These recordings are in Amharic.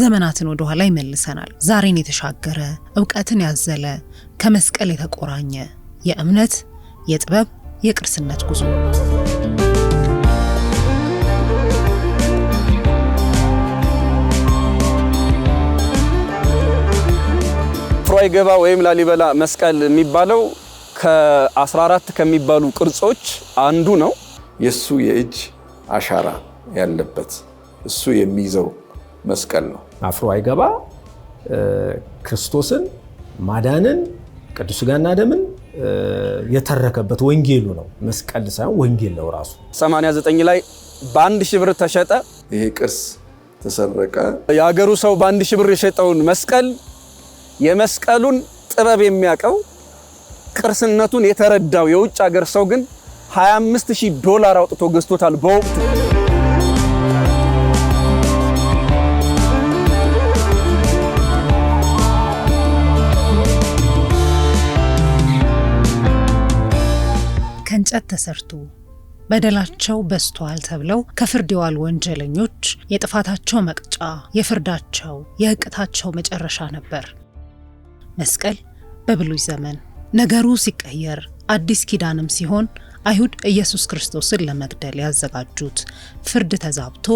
ዘመናትን ወደ ኋላ ይመልሰናል። ዛሬን የተሻገረ እውቀትን ያዘለ ከመስቀል የተቆራኘ የእምነት የጥበብ የቅርስነት ጉዞ ፍሯይ ገባ ወይም ላሊበላ መስቀል የሚባለው ከ14 ከሚባሉ ቅርጾች አንዱ ነው። የእሱ የእጅ አሻራ ያለበት እሱ የሚይዘው መስቀል ነው። አፍሮ አይገባ ክርስቶስን ማዳንን ቅዱስ ሥጋና ደምን የተረከበት ወንጌሉ ነው። መስቀል ሳይሆን ወንጌል ነው ራሱ። 89 ላይ በአንድ ሺህ ብር ተሸጠ። ይሄ ቅርስ ተሰረቀ። የሀገሩ ሰው በአንድ ሺህ ብር የሸጠውን መስቀል የመስቀሉን ጥበብ የሚያውቀው ቅርስነቱን የተረዳው የውጭ ሀገር ሰው ግን 25 ዶላር አውጥቶ ገዝቶታል በወቅቱ። እንጨት ተሰርቶ በደላቸው በስቷል ተብለው ከፍርድ የዋሉ ወንጀለኞች የጥፋታቸው መቅጫ፣ የፍርዳቸው የእቅታቸው መጨረሻ ነበር መስቀል። በብሉይ ዘመን ነገሩ ሲቀየር አዲስ ኪዳንም ሲሆን አይሁድ ኢየሱስ ክርስቶስን ለመግደል ያዘጋጁት ፍርድ ተዛብቶ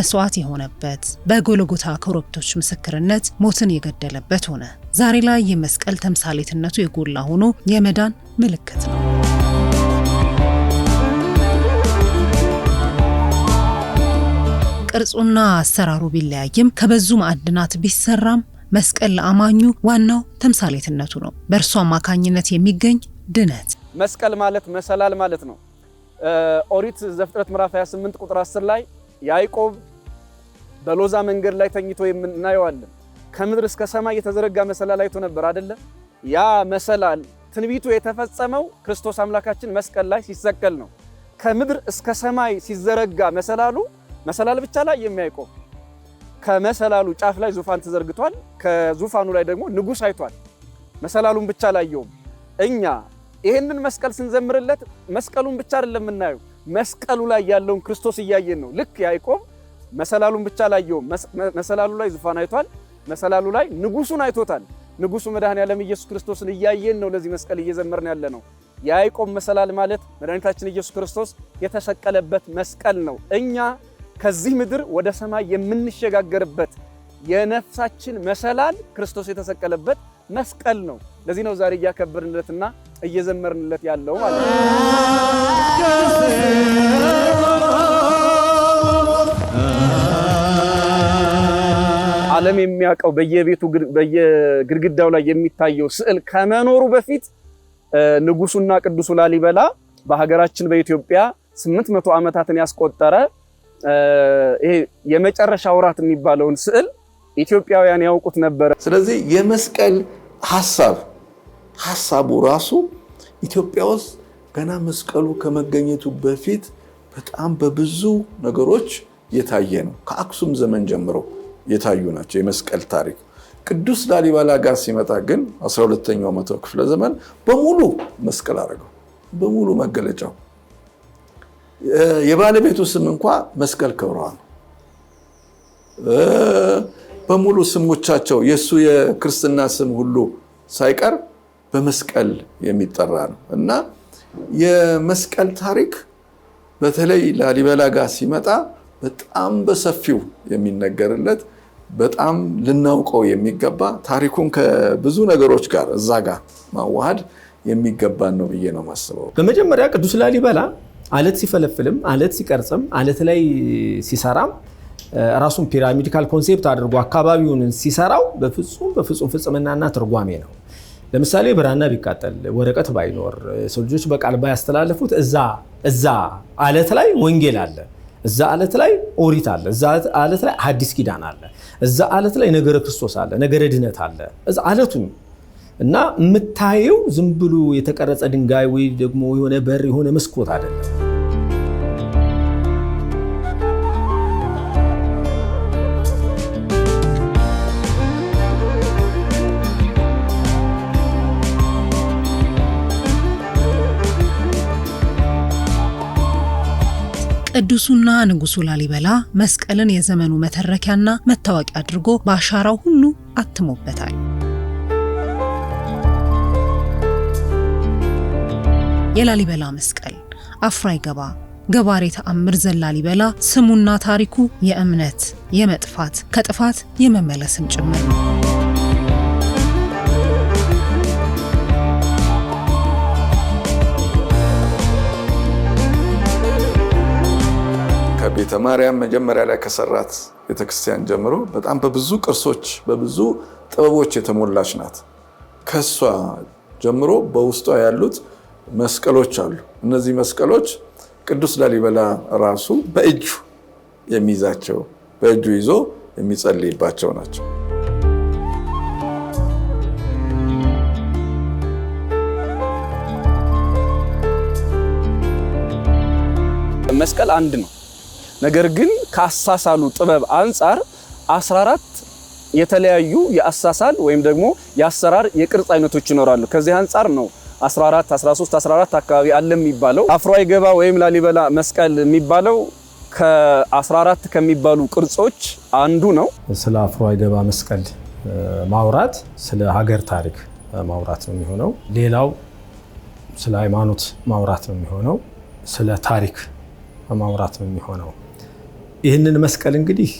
መስዋዕት የሆነበት በጎልጎታ ኮረብቶች ምስክርነት ሞትን የገደለበት ሆነ። ዛሬ ላይ የመስቀል ተምሳሌትነቱ የጎላ ሆኖ የመዳን ምልክት ነው። ቅርጹና አሰራሩ ቢለያይም ከበዙ ማዕድናት ቢሰራም መስቀል ለአማኙ ዋናው ተምሳሌትነቱ ነው። በእርሱ አማካኝነት የሚገኝ ድነት። መስቀል ማለት መሰላል ማለት ነው። ኦሪት ዘፍጥረት ምዕራፍ 28 ቁጥር 10 ላይ ያዕቆብ በሎዛ መንገድ ላይ ተኝቶ የምናየዋለን። ከምድር እስከ ሰማይ የተዘረጋ መሰላል አይቶ ነበር አደለ? ያ መሰላል ትንቢቱ የተፈጸመው ክርስቶስ አምላካችን መስቀል ላይ ሲሰቀል ነው። ከምድር እስከ ሰማይ ሲዘረጋ መሰላሉ መሰላል ብቻ ላይ የሚያይቆም ከመሰላሉ ጫፍ ላይ ዙፋን ተዘርግቷል። ከዙፋኑ ላይ ደግሞ ንጉስ አይቷል። መሰላሉን ብቻ አላየውም። እኛ ይህንን መስቀል ስንዘምርለት መስቀሉን ብቻ አይደለም የምናየው፣ መስቀሉ ላይ ያለውን ክርስቶስ እያየን ነው። ልክ ያዕቆብ መሰላሉን ብቻ አላየውም። መሰላሉ ላይ ዙፋን አይቷል። መሰላሉ ላይ ንጉሱን አይቶታል። ንጉሱ መድኃኔ ያለም ኢየሱስ ክርስቶስን እያየን ነው። ለዚህ መስቀል እየዘመርን ያለ ነው። የያዕቆብ መሰላል ማለት መድኃኒታችን ኢየሱስ ክርስቶስ የተሰቀለበት መስቀል ነው። እኛ ከዚህ ምድር ወደ ሰማይ የምንሸጋገርበት የነፍሳችን መሰላል ክርስቶስ የተሰቀለበት መስቀል ነው። ለዚህ ነው ዛሬ እያከበርንለትና እየዘመርንለት ያለው ማለት ነው። ዓለም የሚያውቀው በየቤቱ በየግድግዳው ላይ የሚታየው ስዕል ከመኖሩ በፊት ንጉሱና ቅዱሱ ላሊበላ በሀገራችን በኢትዮጵያ ስምንት መቶ ዓመታትን ያስቆጠረ ይሄ የመጨረሻ ውራት የሚባለውን ስዕል ኢትዮጵያውያን ያውቁት ነበረ። ስለዚህ የመስቀል ሀሳብ ሀሳቡ ራሱ ኢትዮጵያ ውስጥ ገና መስቀሉ ከመገኘቱ በፊት በጣም በብዙ ነገሮች የታየ ነው። ከአክሱም ዘመን ጀምሮ የታዩ ናቸው የመስቀል ታሪክ። ቅዱስ ላሊበላ ጋር ሲመጣ ግን 12ኛው መቶ ክፍለ ዘመን በሙሉ መስቀል አደረገው፣ በሙሉ መገለጫው የባለቤቱ ስም እንኳ መስቀል ክብረዋል። በሙሉ ስሞቻቸው የእሱ የክርስትና ስም ሁሉ ሳይቀር በመስቀል የሚጠራ ነው እና የመስቀል ታሪክ በተለይ ላሊበላ ጋር ሲመጣ በጣም በሰፊው የሚነገርለት በጣም ልናውቀው የሚገባ ታሪኩን ከብዙ ነገሮች ጋር እዛ ጋር ማዋሃድ የሚገባን ነው ብዬ ነው ማስበው። በመጀመሪያ ቅዱስ ላሊበላ አለት ሲፈለፍልም አለት ሲቀርጽም አለት ላይ ሲሰራም ራሱን ፒራሚዲካል ኮንሴፕት አድርጎ አካባቢውን ሲሰራው በፍጹም በፍጹም ፍጽምናና ትርጓሜ ነው። ለምሳሌ ብራና ቢቃጠል ወረቀት ባይኖር ሰው ልጆች በቃል ባያስተላለፉት እዛ እዛ አለት ላይ ወንጌል አለ፣ እዛ አለት ላይ ኦሪት አለ፣ እዛ አለት ላይ ሐዲስ ኪዳን አለ፣ እዛ አለት ላይ ነገረ ክርስቶስ አለ፣ ነገረ ድነት አለ። እዛ አለቱን እና የምታየው ዝም ብሎ የተቀረጸ ድንጋይ ወይ ደግሞ የሆነ በር የሆነ መስኮት አይደለም። ቅዱሱና ንጉሱ ላሊበላ መስቀልን የዘመኑ መተረኪያና መታወቂያ አድርጎ በአሻራው ሁሉ አትሞበታል። የላሊበላ መስቀል አፍራይ ገባ ገባሬ ተአምር ዘላሊበላ ስሙና ታሪኩ የእምነት የመጥፋት ከጥፋት የመመለስም ጭምር ነው። ቤተ ማርያም መጀመሪያ ላይ ከሰራት ቤተክርስቲያን ጀምሮ በጣም በብዙ ቅርሶች በብዙ ጥበቦች የተሞላች ናት። ከሷ ጀምሮ በውስጧ ያሉት መስቀሎች አሉ። እነዚህ መስቀሎች ቅዱስ ላሊበላ ራሱ በእጁ የሚይዛቸው በእጁ ይዞ የሚጸልይባቸው ናቸው። መስቀል አንድ ነው። ነገር ግን ከአሳሳሉ ጥበብ አንጻር 14 የተለያዩ የአሳሳል ወይም ደግሞ የአሰራር የቅርጽ አይነቶች ይኖራሉ። ከዚህ አንጻር ነው 14 13 14 አካባቢ አለ የሚባለው። አፍሮ አይገባ ወይም ላሊበላ መስቀል የሚባለው ከ14 ከሚባሉ ቅርጾች አንዱ ነው። ስለ አፍሮ አይገባ መስቀል ማውራት ስለ ሀገር ታሪክ ማውራት ነው የሚሆነው። ሌላው ስለ ሃይማኖት ማውራት ነው የሚሆነው። ስለ ታሪክ ማውራት ነው የሚሆነው። ይህንን መስቀል እንግዲህ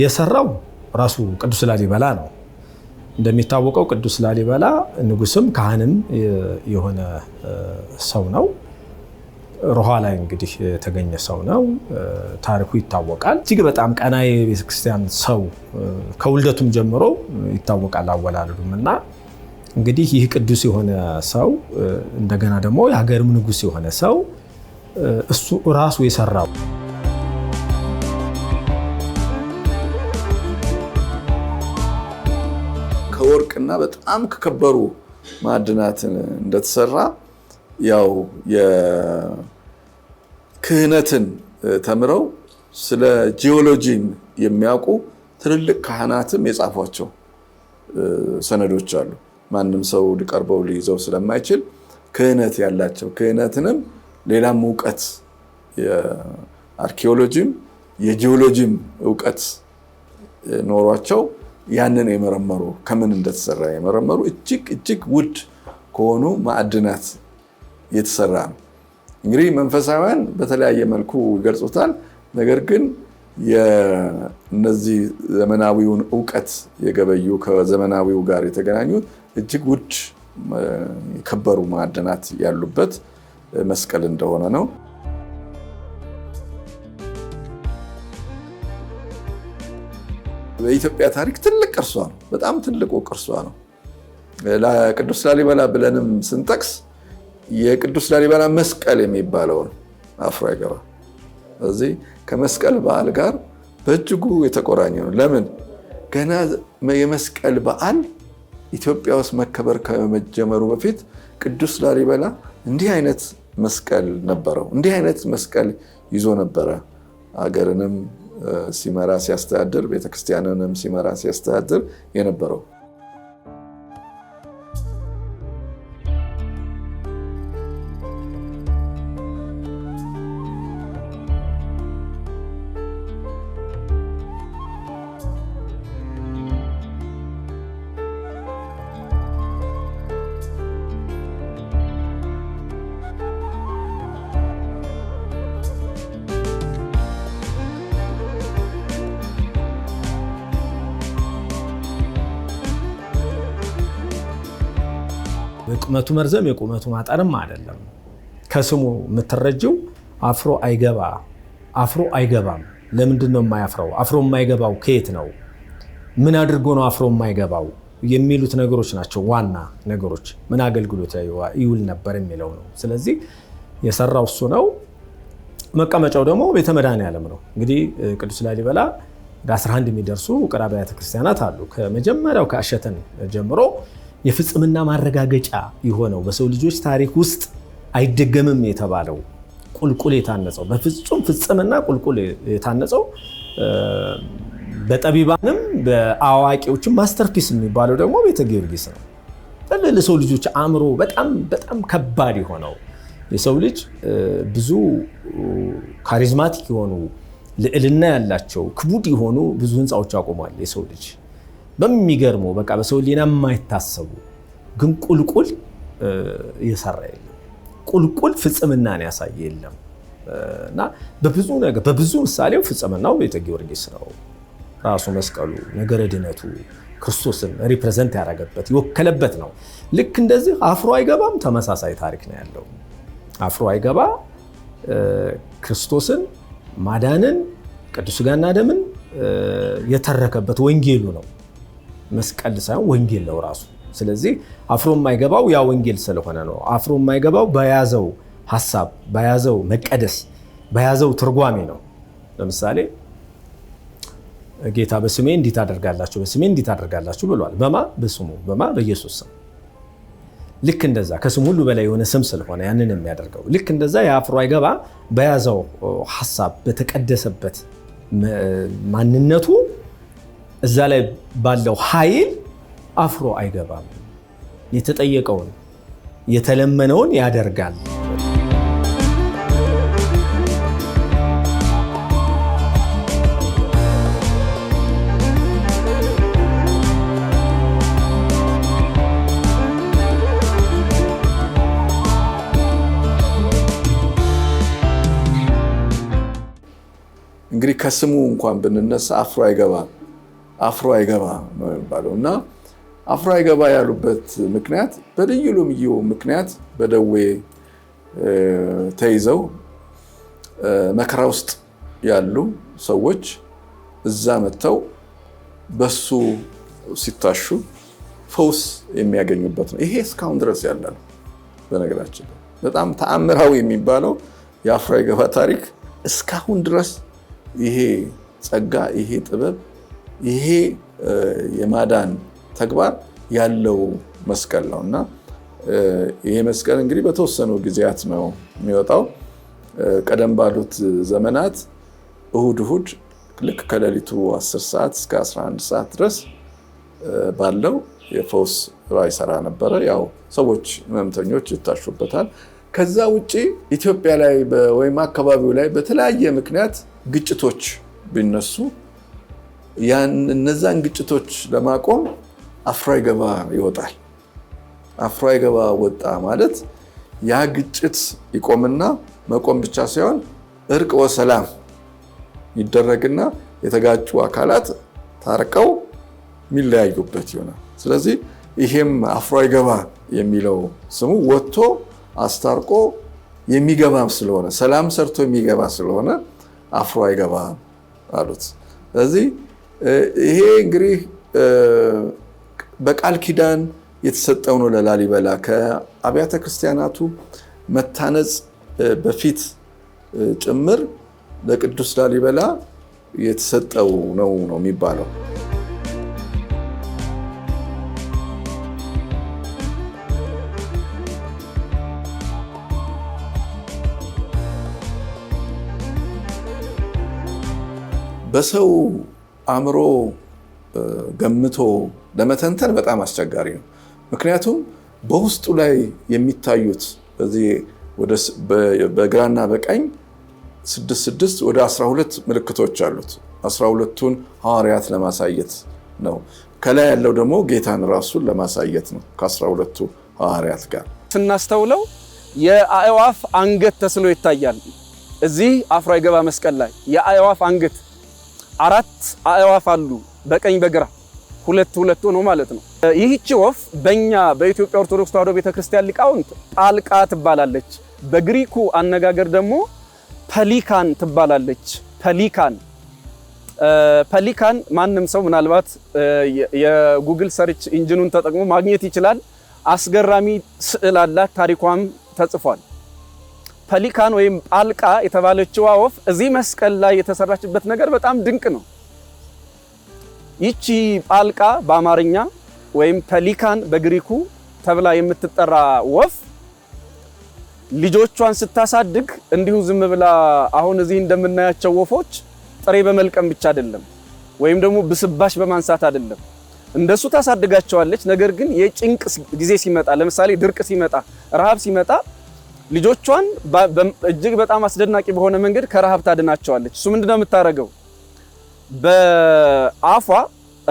የሰራው ራሱ ቅዱስ ላሊበላ ነው። እንደሚታወቀው ቅዱስ ላሊበላ ንጉስም ካህንም የሆነ ሰው ነው። ሮሃ ላይ እንግዲህ የተገኘ ሰው ነው። ታሪኩ ይታወቃል። እጅግ በጣም ቀና የቤተክርስቲያን ሰው ከውልደቱም ጀምሮ ይታወቃል አወላለዱም እና እንግዲህ ይህ ቅዱስ የሆነ ሰው እንደገና ደግሞ የሀገርም ንጉስ የሆነ ሰው እሱ ራሱ የሰራው ወርቅና በጣም ከከበሩ ማዕድናትን እንደተሰራ ያው የክህነትን ተምረው ስለ ጂኦሎጂን የሚያውቁ ትልልቅ ካህናትም የጻፏቸው ሰነዶች አሉ። ማንም ሰው ሊቀርበው ሊይዘው ስለማይችል ክህነት ያላቸው ክህነትንም ሌላም እውቀት የአርኪኦሎጂም የጂኦሎጂም እውቀት ኖሯቸው ያንን የመረመሩ ከምን እንደተሰራ የመረመሩ እጅግ እጅግ ውድ ከሆኑ ማዕድናት የተሰራ ነው። እንግዲህ መንፈሳውያን በተለያየ መልኩ ይገልጹታል። ነገር ግን የእነዚህ ዘመናዊውን እውቀት የገበዩ ከዘመናዊው ጋር የተገናኙ እጅግ ውድ የከበሩ ማዕድናት ያሉበት መስቀል እንደሆነ ነው። በኢትዮጵያ ታሪክ ትልቅ ቅርሷ ነው። በጣም ትልቁ ቅርሷ ነው። ቅዱስ ላሊበላ ብለንም ስንጠቅስ የቅዱስ ላሊበላ መስቀል የሚባለውን አፍሮ አይገባ። እዚህ ከመስቀል በዓል ጋር በእጅጉ የተቆራኘ ነው። ለምን ገና የመስቀል በዓል ኢትዮጵያ ውስጥ መከበር ከመጀመሩ በፊት ቅዱስ ላሊበላ እንዲህ አይነት መስቀል ነበረው። እንዲህ አይነት መስቀል ይዞ ነበረ አገርንም ሲመራ ሲያስተዳድር ቤተክርስቲያንንም ሲመራ ሲያስተዳድር የነበረው ቁመቱ መርዘም የቁመቱ ማጠርም አይደለም። ከስሙ የምትረጅው አፍሮ አይገባ አፍሮ አይገባም። ለምንድን ነው የማያፍረው? አፍሮ የማይገባው ከየት ነው? ምን አድርጎ ነው አፍሮ የማይገባው? የሚሉት ነገሮች ናቸው ዋና ነገሮች። ምን አገልግሎት ይውል ነበር የሚለው ነው። ስለዚህ የሰራው እሱ ነው። መቀመጫው ደግሞ ቤተ መድኃኔዓለም ነው። እንግዲህ ቅዱስ ላሊበላ ወደ 11 የሚደርሱ ውቅር አብያተ ክርስቲያናት አሉ። ከመጀመሪያው ከአሸተን ጀምሮ የፍጽምና ማረጋገጫ የሆነው በሰው ልጆች ታሪክ ውስጥ አይደገምም የተባለው ቁልቁል የታነጸው በፍጹም ፍጽምና ቁልቁል የታነጸው በጠቢባንም በአዋቂዎችም ማስተርፒስ የሚባለው ደግሞ ቤተ ጊዮርጊስ ነው። ለሰው ልጆች አእምሮ በጣም በጣም ከባድ የሆነው የሰው ልጅ ብዙ ካሪዝማቲክ የሆኑ ልዕልና ያላቸው ክቡድ የሆኑ ብዙ ህንፃዎች አቁሟል የሰው ልጅ። በሚገርመው በቃ በሰው ሊና የማይታሰቡ ግን ቁልቁል እየሰራ የለም። ቁልቁል ፍጽምናን ያሳየ የለም እና በብዙ ነገር በብዙ ምሳሌው ፍጽምናው ቤተ ጊዮርጊስ ነው። ራሱ መስቀሉ ነገረ ድነቱ ክርስቶስን ሪፕሬዘንት ያደረገበት የወከለበት ነው። ልክ እንደዚህ አፍሮ አይገባም ተመሳሳይ ታሪክ ነው ያለው። አፍሮ አይገባ ክርስቶስን ማዳንን ቅዱስ ሥጋና ደምን የተረከበት ወንጌሉ ነው። መስቀል ሳይሆን ወንጌል ነው ራሱ። ስለዚህ አፍሮ የማይገባው ያ ወንጌል ስለሆነ ነው። አፍሮ የማይገባው በያዘው ሀሳብ፣ በያዘው መቀደስ፣ በያዘው ትርጓሜ ነው። ለምሳሌ ጌታ በስሜ እንዲህ ታደርጋላችሁ በስሜ እንዲህ ታደርጋላችሁ ብሏል። በማ በስሙ በማ በኢየሱስ ስም። ልክ እንደዛ ከስም ሁሉ በላይ የሆነ ስም ስለሆነ ያንን የሚያደርገው ልክ እንደዛ የአፍሮ አይገባ በያዘው ሀሳብ በተቀደሰበት ማንነቱ እዛ ላይ ባለው ኃይል አፍሮ አይገባም። የተጠየቀውን የተለመነውን ያደርጋል። እንግዲህ ከስሙ እንኳን ብንነሳ አፍሮ አይገባም። አፍሮ አይገባ ነው የሚባለው እና አፍሮ አይገባ ያሉበት ምክንያት በልዩ ልዩ ምክንያት በደዌ ተይዘው መከራ ውስጥ ያሉ ሰዎች እዛ መጥተው በሱ ሲታሹ ፈውስ የሚያገኙበት ነው። ይሄ እስካሁን ድረስ ያለ ነው። በነገራችን በጣም ተአምራዊ የሚባለው የአፍሮ አይገባ ታሪክ እስካሁን ድረስ ይሄ ጸጋ ይሄ ጥበብ ይሄ የማዳን ተግባር ያለው መስቀል ነው እና ይሄ መስቀል እንግዲህ በተወሰኑ ጊዜያት ነው የሚወጣው። ቀደም ባሉት ዘመናት እሁድ እሁድ ልክ ከሌሊቱ 10 ሰዓት እስከ 11 ሰዓት ድረስ ባለው የፈውስ ራይ ሰራ ነበረ። ያው ሰዎች ህመምተኞች ይታሹበታል። ከዛ ውጭ ኢትዮጵያ ላይ ወይም አካባቢው ላይ በተለያየ ምክንያት ግጭቶች ቢነሱ እነዛን ግጭቶች ለማቆም አፍሮ አይገባ ይወጣል። አፍሮ አይገባ ወጣ ማለት ያ ግጭት ይቆምና መቆም ብቻ ሳይሆን እርቅ ወሰላም ይደረግና የተጋጩ አካላት ታርቀው የሚለያዩበት ይሆናል። ስለዚህ ይሄም አፍሮ አይገባ የሚለው ስሙ ወጥቶ አስታርቆ የሚገባ ስለሆነ ሰላም ሰርቶ የሚገባ ስለሆነ አፍሮ አይገባ አሉት። ስለዚህ ይሄ እንግዲህ በቃል ኪዳን የተሰጠው ነው ለላሊበላ ከአብያተ ክርስቲያናቱ መታነጽ በፊት ጭምር ለቅዱስ ላሊበላ የተሰጠው ነው ነው የሚባለው። በሰው አእምሮ ገምቶ ለመተንተን በጣም አስቸጋሪ ነው። ምክንያቱም በውስጡ ላይ የሚታዩት በዚህ በግራና በቀኝ ስድስት ስድስት ወደ 12 ምልክቶች አሉት። 12ቱን ሐዋርያት ለማሳየት ነው። ከላይ ያለው ደግሞ ጌታን ራሱን ለማሳየት ነው። ከ12ቱ ሐዋርያት ጋር ስናስተውለው የአእዋፍ አንገት ተስሎ ይታያል። እዚህ አፍሮ አይገባ መስቀል ላይ የአእዋፍ አንገት አራት አእዋፍ አሉ በቀኝ በግራ ሁለት ሁለት ሆኖ ማለት ነው። ይህች ወፍ በእኛ በኢትዮጵያ ኦርቶዶክስ ተዋሕዶ ቤተክርስቲያን ሊቃውንት ጣልቃ ትባላለች። በግሪኩ አነጋገር ደግሞ ፐሊካን ትባላለች። ፐሊካን ፐሊካን ማንም ሰው ምናልባት የጉግል ሰርች ኢንጂኑን ተጠቅሞ ማግኘት ይችላል። አስገራሚ ስዕል አላት። ታሪኳም ተጽፏል። ፐሊካን ወይም ጳልቃ የተባለችው ወፍ እዚህ መስቀል ላይ የተሰራችበት ነገር በጣም ድንቅ ነው። ይቺ ጳልቃ በአማርኛ ወይም ፐሊካን በግሪኩ ተብላ የምትጠራ ወፍ ልጆቿን ስታሳድግ እንዲሁ ዝም ብላ አሁን እዚህ እንደምናያቸው ወፎች ጥሬ በመልቀም ብቻ አይደለም፣ ወይም ደግሞ ብስባሽ በማንሳት አይደለም። እንደሱ ታሳድጋቸዋለች። ነገር ግን የጭንቅ ጊዜ ሲመጣ፣ ለምሳሌ ድርቅ ሲመጣ፣ ረሃብ ሲመጣ ልጆቿን እጅግ በጣም አስደናቂ በሆነ መንገድ ከረሃብ ታድናቸዋለች። እሱ ምንድነው የምታደርገው? በአፏ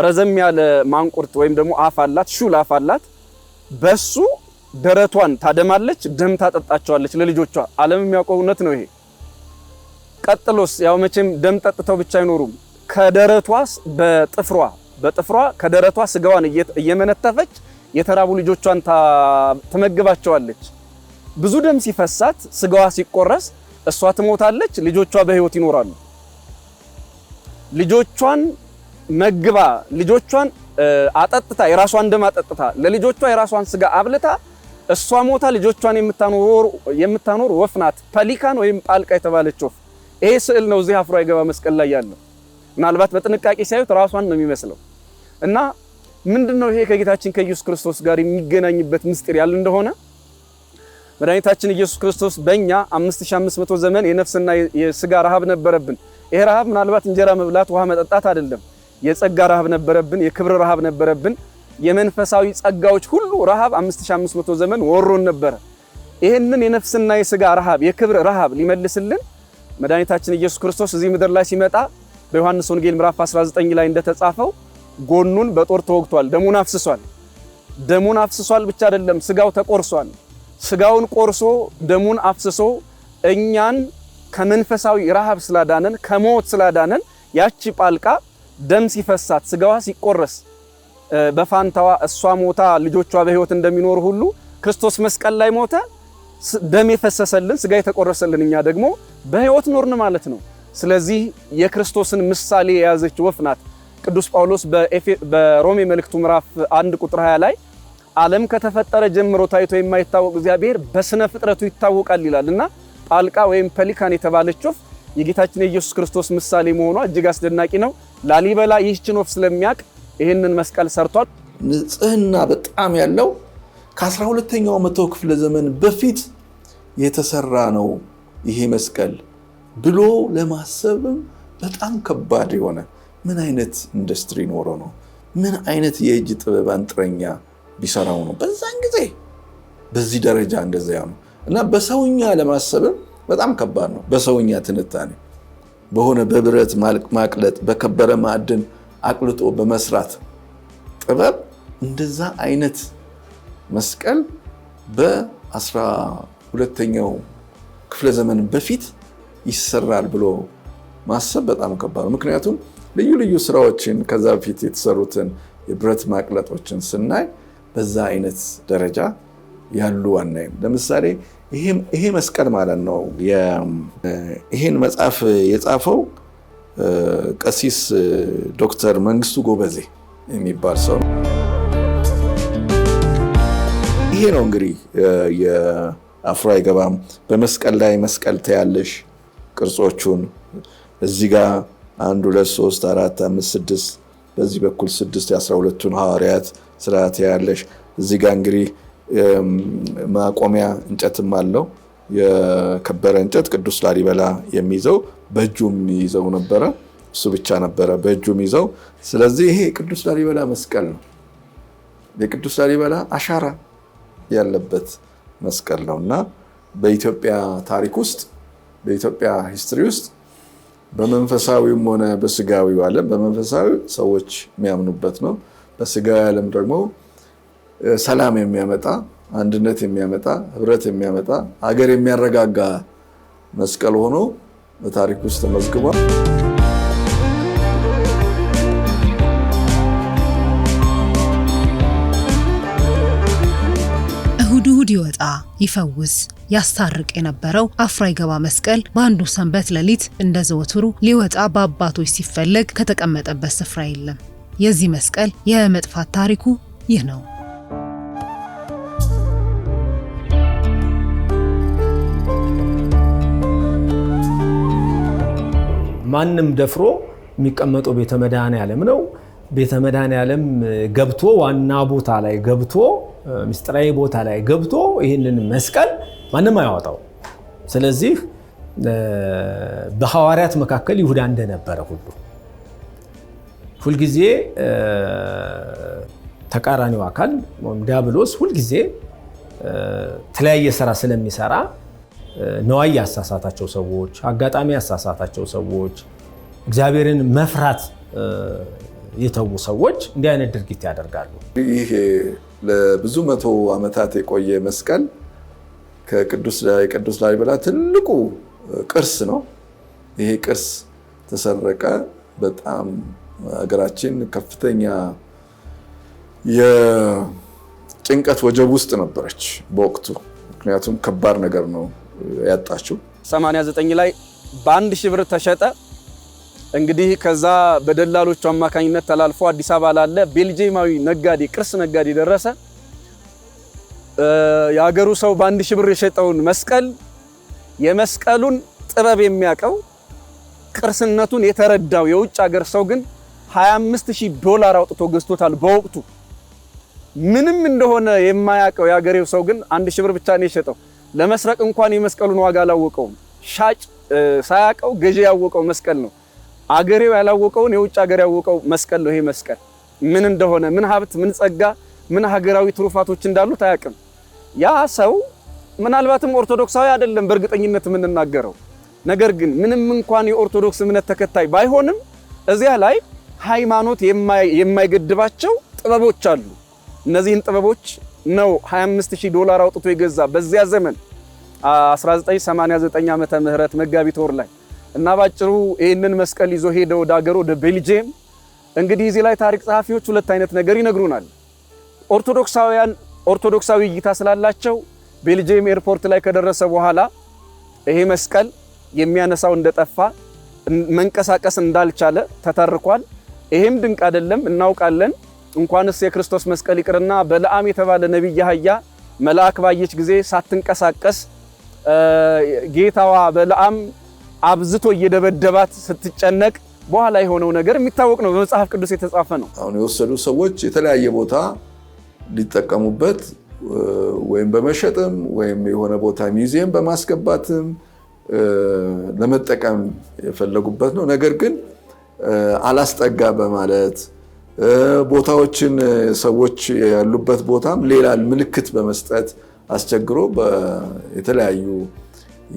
ረዘም ያለ ማንቁርት ወይም ደግሞ አፍ አላት፣ ሹል አፍ አላት። በሱ ደረቷን ታደማለች፣ ደም ታጠጣቸዋለች ለልጆቿ። ዓለም የሚያውቀው እውነት ነው ይሄ። ቀጥሎስ ያው መቼም ደም ጠጥተው ብቻ አይኖሩም። ከደረቷ በጥፍሯ በጥፍሯ ከደረቷ ስጋዋን እየመነተፈች የተራቡ ልጆቿን ትመግባቸዋለች። ብዙ ደም ሲፈሳት ስጋዋ ሲቆረስ እሷ ትሞታለች፣ ልጆቿ በህይወት ይኖራሉ። ልጆቿን መግባ ልጆቿን አጠጥታ የራሷን ደም አጠጥታ ለልጆቿ የራሷን ስጋ አብልታ እሷ ሞታ ልጆቿን የምታኖር ወፍ ናት፣ ፐሊካን ወይም ጳልቃ የተባለች ወፍ። ይሄ ስዕል ነው እዚህ አፍሮ አይገባ መስቀል ላይ ያለው። ምናልባት በጥንቃቄ ሲያዩት ራሷን ነው የሚመስለው እና ምንድነው ይሄ ከጌታችን ከኢየሱስ ክርስቶስ ጋር የሚገናኝበት ምስጢር ያለ እንደሆነ መድኃኒታችን ኢየሱስ ክርስቶስ በእኛ 5500 ዘመን የነፍስና የስጋ ረሃብ ነበረብን። ይሄ ረሃብ ምናልባት እንጀራ መብላት፣ ውሃ መጠጣት አይደለም። የጸጋ ረሃብ ነበረብን። የክብር ረሃብ ነበረብን። የመንፈሳዊ ጸጋዎች ሁሉ ረሃብ 5500 ዘመን ወሮን ነበረ። ይህንን የነፍስና የስጋ ረሃብ የክብር ረሃብ ሊመልስልን መድኃኒታችን ኢየሱስ ክርስቶስ እዚህ ምድር ላይ ሲመጣ በዮሐንስ ወንጌል ምዕራፍ 19 ላይ እንደተጻፈው ጎኑን በጦር ተወግቷል፣ ደሙን አፍስሷል። ደሙን አፍስሷል ብቻ አይደለም ስጋው ተቆርሷል። ስጋውን ቆርሶ ደሙን አፍስሶ እኛን ከመንፈሳዊ ረሃብ ስላዳነን ከሞት ስላዳነን ያቺ ጳልቃ ደም ሲፈሳት ስጋዋ ሲቆረስ በፋንታዋ እሷ ሞታ ልጆቿ በህይወት እንደሚኖሩ ሁሉ ክርስቶስ መስቀል ላይ ሞተ። ደም የፈሰሰልን ስጋ የተቆረሰልን እኛ ደግሞ በህይወት ኖርን ማለት ነው። ስለዚህ የክርስቶስን ምሳሌ የያዘች ወፍ ናት። ቅዱስ ጳውሎስ በሮሜ መልእክቱ ምዕራፍ 1 ቁጥር 20 ላይ ዓለም ከተፈጠረ ጀምሮ ታይቶ የማይታወቅ እግዚአብሔር በስነ ፍጥረቱ ይታወቃል ይላል እና ጣልቃ ወይም ፐሊካን የተባለች ወፍ የጌታችን የኢየሱስ ክርስቶስ ምሳሌ መሆኗ እጅግ አስደናቂ ነው። ላሊበላ ይህችን ወፍ ስለሚያውቅ ይህንን መስቀል ሰርቷል። ንጽህና በጣም ያለው ከ12ኛው መቶ ክፍለ ዘመን በፊት የተሰራ ነው ይሄ መስቀል ብሎ ለማሰብም በጣም ከባድ የሆነ ምን አይነት ኢንዱስትሪ ኖሮ ነው? ምን አይነት የእጅ ጥበብ አንጥረኛ ቢሰራው ነው። በዛን ጊዜ በዚህ ደረጃ እንደዚያ ነው እና በሰውኛ ለማሰብም በጣም ከባድ ነው። በሰውኛ ትንታኔ በሆነ በብረት ማቅለጥ በከበረ ማዕድን አቅልጦ በመስራት ጥበብ እንደዛ አይነት መስቀል በአስራ ሁለተኛው ክፍለ ዘመን በፊት ይሰራል ብሎ ማሰብ በጣም ከባድ ነው። ምክንያቱም ልዩ ልዩ ስራዎችን ከዛ በፊት የተሰሩትን የብረት ማቅለጦችን ስናይ በዛ አይነት ደረጃ ያሉ አናይም። ለምሳሌ ይሄ መስቀል ማለት ነው። ይሄን መጽሐፍ የጻፈው ቀሲስ ዶክተር መንግስቱ ጎበዜ የሚባል ሰው ይሄ ነው እንግዲህ የአፍሮ አይገባም። በመስቀል ላይ መስቀል ታያለሽ፣ ቅርጾቹን እዚህ ጋር አንድ ሁለት ሶስት አራት አምስት ስድስት በዚህ በኩል ስድስት የአስራ ሁለቱን ሐዋርያት ስርዓት ያለሽ። እዚህ ጋር እንግዲህ ማቆሚያ እንጨትም አለው የከበረ እንጨት ቅዱስ ላሊበላ የሚይዘው በእጁም ይዘው ነበረ። እሱ ብቻ ነበረ በእጁም ይዘው። ስለዚህ ይሄ ቅዱስ ላሊበላ መስቀል ነው። የቅዱስ ላሊበላ አሻራ ያለበት መስቀል ነው እና በኢትዮጵያ ታሪክ ውስጥ በኢትዮጵያ ሂስትሪ ውስጥ በመንፈሳዊም ሆነ በስጋዊው ዓለም በመንፈሳዊ ሰዎች የሚያምኑበት ነው። በስጋዊ ዓለም ደግሞ ሰላም የሚያመጣ አንድነት የሚያመጣ ህብረት የሚያመጣ ሀገር የሚያረጋጋ መስቀል ሆኖ በታሪክ ውስጥ ተመዝግቧል። ያወጣ፣ ይፈውስ፣ ያስታርቅ የነበረው አፍራ ይገባ መስቀል በአንዱ ሰንበት ሌሊት እንደ ዘወትሩ ሊወጣ በአባቶች ሲፈለግ ከተቀመጠበት ስፍራ የለም። የዚህ መስቀል የመጥፋት ታሪኩ ይህ ነው። ማንም ደፍሮ የሚቀመጠው ቤተ መድኃኔ ነው። ቤተ መድኃኔ ገብቶ ዋና ቦታ ላይ ገብቶ ምስጢራዊ ቦታ ላይ ገብቶ ይህንን መስቀል ማንም አያወጣው። ስለዚህ በሐዋርያት መካከል ይሁዳ እንደነበረ ሁሉ ሁልጊዜ ተቃራኒው አካል ዲያብሎስ ሁልጊዜ ተለያየ ስራ ስለሚሰራ ነዋይ ያሳሳታቸው ሰዎች፣ አጋጣሚ ያሳሳታቸው ሰዎች፣ እግዚአብሔርን መፍራት የተዉ ሰዎች እንዲህ አይነት ድርጊት ያደርጋሉ። ለብዙ መቶ ዓመታት የቆየ መስቀል የቅዱስ ላሊበላ ትልቁ ቅርስ ነው። ይሄ ቅርስ ተሰረቀ። በጣም ሀገራችን ከፍተኛ የጭንቀት ወጀብ ውስጥ ነበረች በወቅቱ። ምክንያቱም ከባድ ነገር ነው ያጣችው። 89 ላይ በአንድ ሺህ ብር ተሸጠ። እንግዲህ ከዛ በደላሎቹ አማካኝነት ተላልፎ አዲስ አበባ ላለ ቤልጂማዊ ነጋዴ ቅርስ ነጋዴ ደረሰ። የሀገሩ ሰው በአንድ ሺህ ብር የሸጠውን መስቀል የመስቀሉን ጥበብ የሚያውቀው ቅርስነቱን የተረዳው የውጭ ሀገር ሰው ግን 25000 ዶላር አውጥቶ ገዝቶታል። በወቅቱ ምንም እንደሆነ የማያውቀው የሀገሬው ሰው ግን አንድ ሺህ ብር ብቻ ነው የሸጠው። ለመስረቅ እንኳን የመስቀሉን ዋጋ አላወቀውም። ሻጭ ሳያውቀው ገዢ ያወቀው መስቀል ነው። አገሬው ያላወቀውን የውጭ ሀገር ያወቀው መስቀል ነው። ይሄ መስቀል ምን እንደሆነ ምን ሀብት፣ ምን ጸጋ፣ ምን ሀገራዊ ትሩፋቶች እንዳሉት አያውቅም። ያ ሰው ምናልባትም ኦርቶዶክሳዊ አይደለም በእርግጠኝነት የምንናገረው ነገር ግን ምንም እንኳን የኦርቶዶክስ እምነት ተከታይ ባይሆንም እዚያ ላይ ሃይማኖት የማይገድባቸው ጥበቦች አሉ። እነዚህን ጥበቦች ነው 25000 ዶላር አውጥቶ የገዛ በዚያ ዘመን 1989 ዓመተ ምህረት መጋቢት ወር ላይ እና ባጭሩ ይህንን መስቀል ይዞ ሄደ ወደ አገሩ ወደ ቤልጅየም። እንግዲህ እዚህ ላይ ታሪክ ጸሐፊዎች ሁለት አይነት ነገር ይነግሩናል። ኦርቶዶክሳውያን ኦርቶዶክሳዊ እይታ ስላላቸው ቤልጅየም ኤርፖርት ላይ ከደረሰ በኋላ ይሄ መስቀል የሚያነሳው እንደጠፋ መንቀሳቀስ እንዳልቻለ ተተርኳል። ይሄም ድንቅ አይደለም፣ እናውቃለን። እንኳንስ የክርስቶስ መስቀል ይቅርና በለዓም የተባለ ነቢይ አህያ መልአክ ባየች ጊዜ ሳትንቀሳቀስ ጌታዋ በለዓም አብዝቶ እየደበደባት ስትጨነቅ በኋላ የሆነው ነገር የሚታወቅ ነው። በመጽሐፍ ቅዱስ የተጻፈ ነው። አሁን የወሰዱ ሰዎች የተለያየ ቦታ ሊጠቀሙበት ወይም በመሸጥም ወይም የሆነ ቦታ ሚዚየም በማስገባትም ለመጠቀም የፈለጉበት ነው። ነገር ግን አላስጠጋ በማለት ቦታዎችን ሰዎች ያሉበት ቦታም ሌላ ምልክት በመስጠት አስቸግሮ የተለያዩ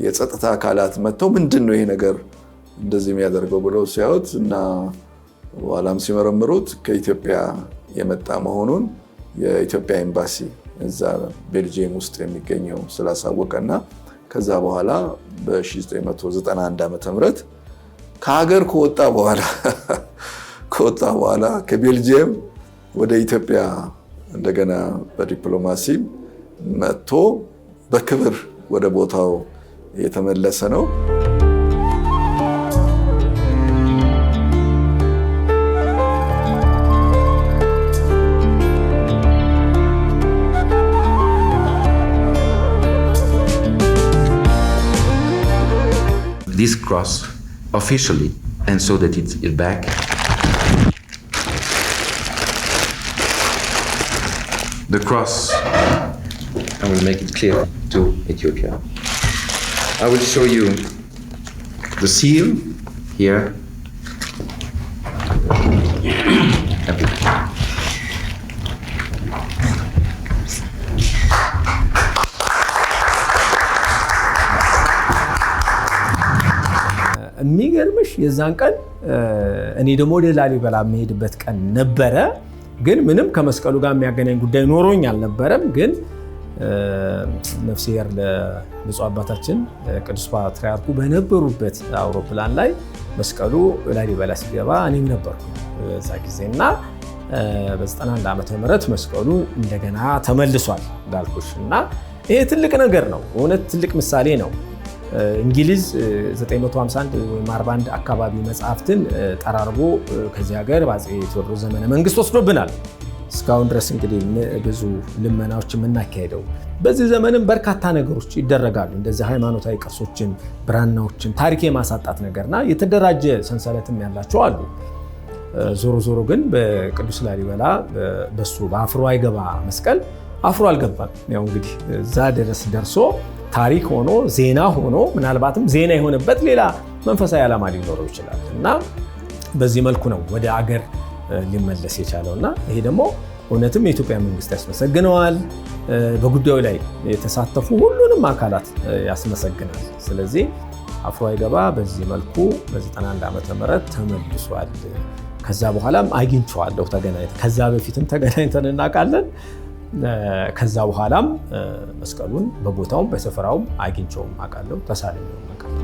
የጸጥታ አካላት መጥተው ምንድን ነው ይሄ ነገር እንደዚህ የሚያደርገው ብለው ሲያዩት እና በኋላም ሲመረምሩት ከኢትዮጵያ የመጣ መሆኑን የኢትዮጵያ ኤምባሲ እዛ ቤልጅየም ውስጥ የሚገኘው ስላሳወቀ እና ከዛ በኋላ በ1991 ዓ.ም ከሀገር ከወጣ በኋላ ከወጣ በኋላ ከቤልጅየም ወደ ኢትዮጵያ እንደገና በዲፕሎማሲ መጥቶ በክብር ወደ ቦታው የተመለሰ ነው። this cross officially and so that it's back the cross I will make it clear to Ethiopia I will show you the seal here. የሚገርምሽ የዛን ቀን እኔ ደግሞ ወደ ላሊበላ የምሄድበት ቀን ነበረ። ግን ምንም ከመስቀሉ ጋር የሚያገናኝ ጉዳይ ኖሮኝ አልነበረም ግን ነፍስሄር ለብፁ አባታችን ቅዱስ ፓትርያርኩ በነበሩበት አውሮፕላን ላይ መስቀሉ ላሊበላ ሲገባ እኔም ነበርኩ በዛ ጊዜ እና በ91 ዓመተ ምህረት መስቀሉ እንደገና ተመልሷል እንዳልኩሽ እና ይሄ ትልቅ ነገር ነው። እውነት ትልቅ ምሳሌ ነው። እንግሊዝ 951 ወይም 41 አካባቢ መጽሐፍትን ጠራርጎ ከዚህ ሀገር በአፄ ቴዎድሮስ ዘመነ መንግስት ወስዶብናል። እስካሁን ድረስ እንግዲህ ብዙ ልመናዎች የምናካሄደው በዚህ ዘመንም በርካታ ነገሮች ይደረጋሉ። እንደዚህ ሃይማኖታዊ ቅርሶችን፣ ብራናዎችን፣ ታሪክ የማሳጣት ነገርና የተደራጀ ሰንሰለትም ያላቸው አሉ። ዞሮ ዞሮ ግን በቅዱስ ላሊበላ በሱ በአፍሮ አይገባ መስቀል አፍሮ አልገባም። ያው እንግዲህ እዛ ድረስ ደርሶ ታሪክ ሆኖ ዜና ሆኖ ምናልባትም ዜና የሆነበት ሌላ መንፈሳዊ ዓላማ ሊኖረው ይችላል እና በዚህ መልኩ ነው ወደ አገር ሊመለስ የቻለው እና ይሄ ደግሞ እውነትም የኢትዮጵያ መንግስት ያስመሰግነዋል። በጉዳዩ ላይ የተሳተፉ ሁሉንም አካላት ያስመሰግናል። ስለዚህ አፍሮ አይገባ በዚህ መልኩ በ91 ዓመተ ምህረት ተመልሷል። ከዛ በኋላም አግኝቼዋለሁ ተገናኝተን፣ ከዛ በፊትም ተገናኝተን እናውቃለን። ከዛ በኋላም መስቀሉን በቦታውም በስፍራውም አግኝቼውም አውቃለሁ፣ ተሳልሜውም አውቃለሁ።